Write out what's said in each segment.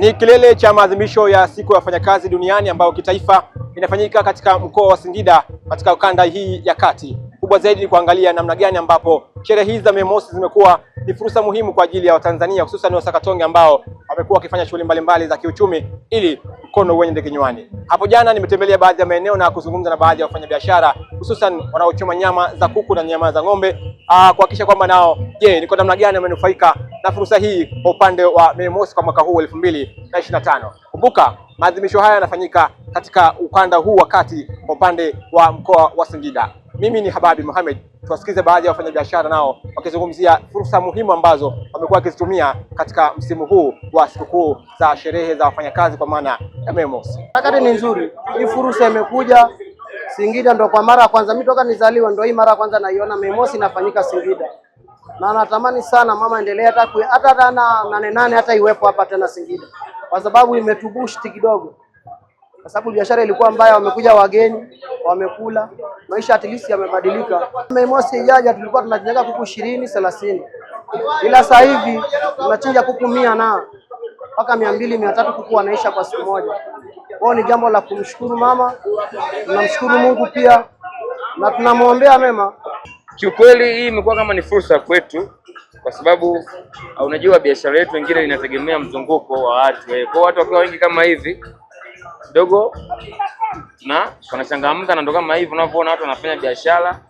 Ni kilele cha maadhimisho ya siku ya wafanyakazi duniani ambayo kitaifa inafanyika katika mkoa wa Singida katika kanda hii ya kati kubwa zaidi ni kuangalia namna gani ambapo sherehe hizi za Mei Mosi zimekuwa ni fursa muhimu kwa ajili ya Watanzania hususan Wasakatonge ambao wamekuwa wakifanya shughuli mbalimbali za kiuchumi ili mkono ndege kinywani. Hapo jana nimetembelea baadhi ya maeneo na kuzungumza na baadhi ya wafanyabiashara hususan wanaochoma nyama za kuku na nyama za ng'ombe ah, kuhakikisha kwamba nao je, ni kwa namna gani wamenufaika na fursa hii kwa upande wa Mei Mosi kwa mwaka huu elfu mbili na ishirini na tano. Kumbuka maadhimisho haya yanafanyika katika ukanda huu wa kati kwa upande wa mkoa wa Singida. Mimi ni Hababi Mohamed. Tuwasikize baadhi ya wafanyabiashara nao wakizungumzia fursa muhimu ambazo wamekuwa wakizitumia katika msimu huu wa sikukuu za sherehe za wafanyakazi kwa maana ya Mei Mosi. ni nzuri, hii fursa imekuja Singida, ndo kwa mara ya kwanza mimi toka nizaliwa ndo hii mara ya kwanza naiona Mei Mosi inafanyika Singida, na natamani sana mama, endelee hata hata nane nane hata iwepo hapa tena Singida, kwa sababu imetubushti kidogo kwa sababu biashara ilikuwa mbaya, wamekuja wageni, wamekula, maisha at least yamebadilika. Mei mosi ijaja tulikuwa tunachinjaga kuku ishirini thelathini, ila sasa hivi tunachinja kuku mia na mpaka mia mbili mia tatu kuku wanaisha kwa siku moja. Kwao ni jambo la kumshukuru mama, tunamshukuru Mungu pia na tunamwombea mema. Kiukweli hii imekuwa kama ni fursa kwetu, kwa sababu unajua biashara yetu wengine inategemea mzunguko wa watu, eh, kwa watu wakiwa wengi kama hivi kidogo na tunachangamka na ndo kama hivi unavyoona watu wanafanya biashara.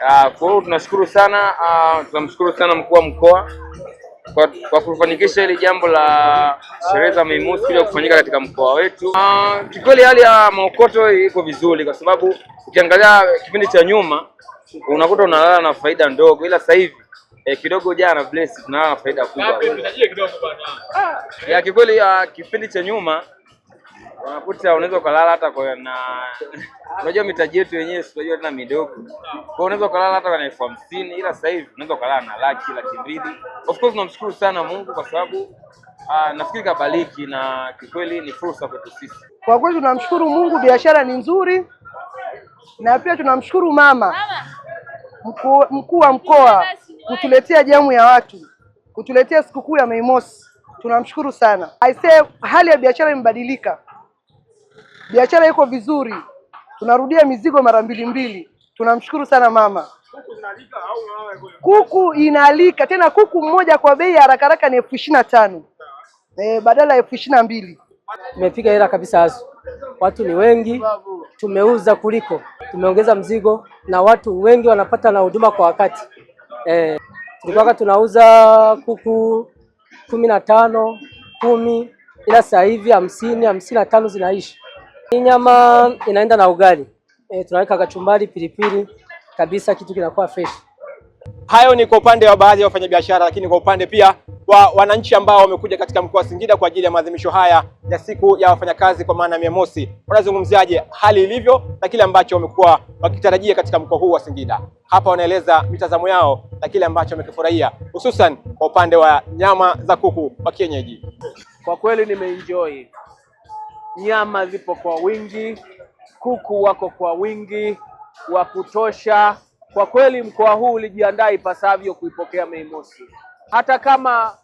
Ah, kwa hiyo tunashukuru sana, ah, tunamshukuru sana mkuu wa mkoa kwa, kwa kufanikisha hili jambo la sherehe za Mei Mosi kuja kufanyika katika mkoa wetu. Ah, kikweli hali ya Maokoto iko vizuri, kwa sababu ukiangalia kipindi cha nyuma unakuta unalala na faida ndogo, ila sasa hivi eh, kidogo jana bless tunalala na faida kubwa ya kikweli. Kipindi cha nyuma unakuta unaweza ukalala hata kwa na unajua mitaji yetu wenyewe si tunajua tena midogo, kwa unaweza ukalala hata kwa elfu hamsini ila sasa hivi unaweza ukalala na laki laki mbili. Of course namshukuru sana Mungu kwa sababu uh, nafikiri kabaliki na kikweli ni fursa kwetu sisi. Kwa kweli tunamshukuru Mungu, biashara ni nzuri, na pia tunamshukuru mama mkuu wa mkoa kutuletea jamu ya watu, kutuletea sikukuu ya Mei Mosi. Tunamshukuru sana aisee, hali ya biashara imebadilika biashara iko vizuri, tunarudia mizigo mara mbili mbili. Tunamshukuru sana mama. Kuku inalika tena, kuku mmoja kwa bei ya haraka haraka ni elfu ishirini na tano e, badala ya elfu ishirini na mbili Tumepiga hela kabisa Hasa watu ni wengi, tumeuza kuliko tumeongeza mzigo, na watu wengi wanapata na huduma kwa wakati e, tulikuwa tunauza kuku kumi na tano kumi, ila sasa hivi hamsini hamsini na tano zinaishi hii nyama inaenda na ugali e, tunaweka kachumbari, pilipili kabisa, kitu kinakuwa fresh. Hayo ni kwa upande wa baadhi ya wafanyabiashara, lakini kwa upande pia wa wananchi ambao wamekuja katika mkoa wa Singida kwa ajili ya maadhimisho haya ya siku ya wafanyakazi kwa maana ya Mia Mosi, wanazungumziaje hali ilivyo na kile ambacho wamekuwa wakitarajia katika mkoa huu wa Singida? Hapa wanaeleza mitazamo yao na kile ambacho wamekifurahia hususan kwa upande wa nyama za kuku wa kienyeji. Kwa kweli nimeenjoy nyama zipo kwa wingi, kuku wako kwa wingi wa kutosha. Kwa kweli mkoa huu ulijiandaa ipasavyo kuipokea Mei Mosi. Hata kama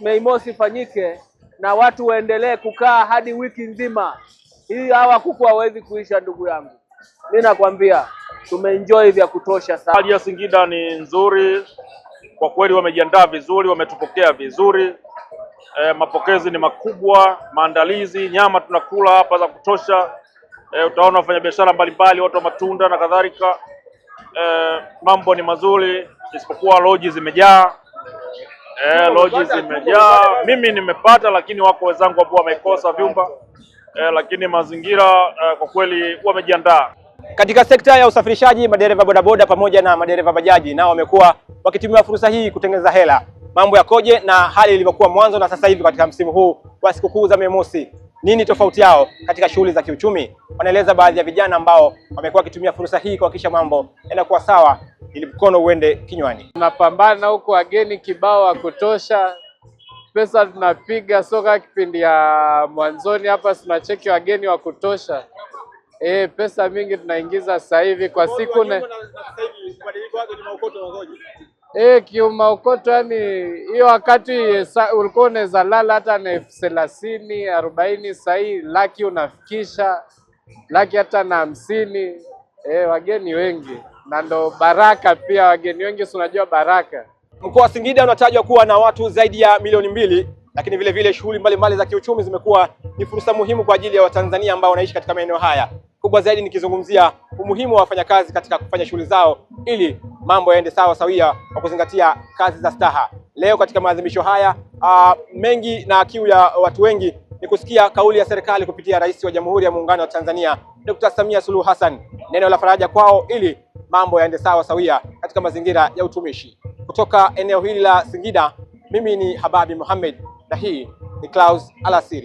Mei Mosi ifanyike na watu waendelee kukaa hadi wiki nzima, hii hawa kuku hawezi kuisha. Ndugu yangu, mi nakwambia tumeenjoy vya kutosha sana. Hali ya Singida ni nzuri kwa kweli, wamejiandaa vizuri, wametupokea vizuri e, mapokezi ni makubwa, maandalizi, nyama tunakula hapa za kutosha. E, utaona wafanyabiashara mbalimbali, watu wa matunda na kadhalika. E, mambo ni mazuri, isipokuwa loji zimejaa. E, loji zimejaa, mimi nimepata, lakini wako wenzangu ambao wamekosa vyumba e, lakini mazingira e, kwa kweli wamejiandaa. Katika sekta ya usafirishaji, madereva bodaboda pamoja na madereva bajaji nao wamekuwa wakitumia fursa hii kutengeneza hela mambo yakoje na hali ilivyokuwa mwanzo na sasa hivi katika msimu huu wa sikukuu za Mei Mosi. Nini tofauti yao katika shughuli za kiuchumi? Wanaeleza baadhi ya vijana ambao wamekuwa wakitumia fursa hii kuhakikisha mambo yanakuwa sawa ili mkono uende kinywani. Tunapambana huku, wageni kibao wa kutosha, pesa tunapiga soka. Kipindi ya mwanzoni hapa tunacheki wageni wa kutosha. E, pesa mingi tunaingiza sasa hivi kwa siku ne... Eh, ukoto yani hiyo wakati ulikuwa unaweza lala hata na elfu thelathini arobaini, sahii laki unafikisha laki hata na hamsini. Eh, wageni wengi na ndo baraka pia, wageni wengi si unajua baraka. Mkoa wa Singida unatajwa kuwa na watu zaidi ya milioni mbili, lakini vile vile shughuli mbalimbali za kiuchumi zimekuwa ni fursa muhimu kwa ajili ya Watanzania ambao wanaishi katika maeneo haya kubwa zaidi nikizungumzia umuhimu wa wafanyakazi katika kufanya shughuli zao ili mambo yaende sawa sawia kwa kuzingatia kazi za staha. Leo katika maadhimisho haya a, ah, mengi na kiu ya watu wengi ni kusikia kauli ya serikali kupitia Rais wa Jamhuri ya Muungano wa Tanzania Dr. Samia Suluhu Hassan, neno la faraja kwao ili mambo yaende sawa sawia katika mazingira ya utumishi. Kutoka eneo hili la Singida, mimi ni Hababi Mohamed na hii ni Clouds Alasiri.